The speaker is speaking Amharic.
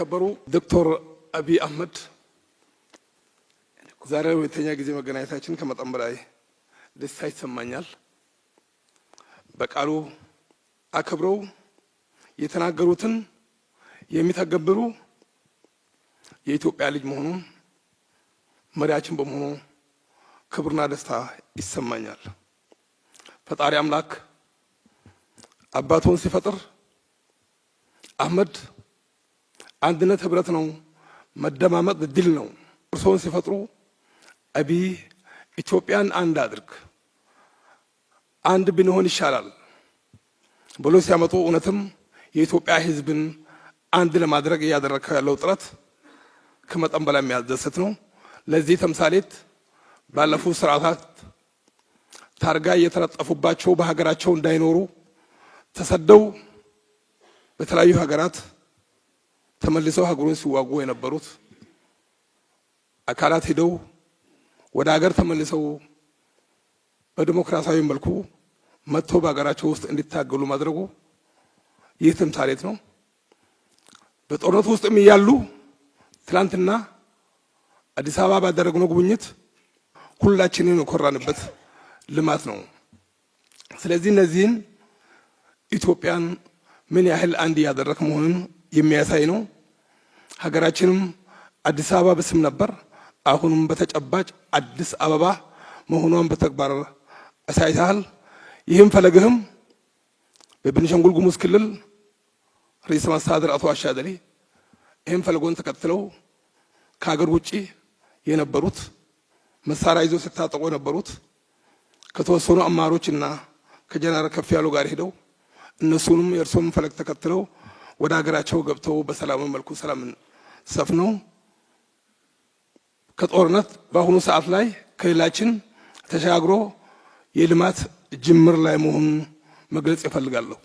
ከበሩ ዶክተር አብይ አህመድ ዛሬ ሁለተኛ ጊዜ መገናኘታችን ከመጠን በላይ ደስታ ይሰማኛል። በቃሉ አከብረው የተናገሩትን የሚተገብሩ የኢትዮጵያ ልጅ መሆኑን መሪያችን በመሆኑ ክብርና ደስታ ይሰማኛል። ፈጣሪ አምላክ አባቱን ሲፈጥር አህመድ አንድነት ህብረት ነው። መደማመጥ ድል ነው። እርስዎን ሲፈጥሩ አብይ ኢትዮጵያን አንድ አድርግ፣ አንድ ብንሆን ይሻላል ብሎ ሲያመጡ እውነትም የኢትዮጵያ ህዝብን አንድ ለማድረግ እያደረገ ያለው ጥረት ከመጠን በላይ የሚያስደስት ነው። ለዚህ ተምሳሌት ባለፉት ስርዓታት ታርጋ እየተለጠፉባቸው በሀገራቸው እንዳይኖሩ ተሰደው በተለያዩ ሀገራት ተመልሰው ሀገሩን ሲዋጉ የነበሩት አካላት ሄደው ወደ ሀገር ተመልሰው በዲሞክራሲያዊ መልኩ መጥተው በሀገራቸው ውስጥ እንዲታገሉ ማድረጉ ይህ ተምሳሌት ነው። በጦርነቱ ውስጥም እያሉ ትላንትና አዲስ አበባ ባደረግነው ጉብኝት ሁላችንን የኮራንበት ልማት ነው። ስለዚህ እነዚህን ኢትዮጵያን ምን ያህል አንድ እያደረግ መሆኑን የሚያሳይ ነው። ሀገራችንም አዲስ አበባ በስም ነበር፣ አሁንም በተጨባጭ አዲስ አበባ መሆኗን በተግባር አሳይተሃል። ይህም ፈለግህም በቤኒሻንጉል ጉሙዝ ክልል ርዕሰ መስተዳድር አቶ አሻደሪ ይህም ፈለጎን ተከትለው ከሀገር ውጭ የነበሩት መሳሪያ ይዞ ሲታጠቁ የነበሩት ከተወሰኑ አማሮች እና ከጀነራል ከፍ ያሉ ጋር ሄደው እነሱንም የእርሶም ፈለግ ተከትለው ወደ ሀገራቸው ገብተው በሰላም መልኩ ሰላምን ሰፍነው ከጦርነት በአሁኑ ሰዓት ላይ ከሌላችን ተሻግሮ የልማት ጅምር ላይ መሆኑን መግለጽ እፈልጋለሁ።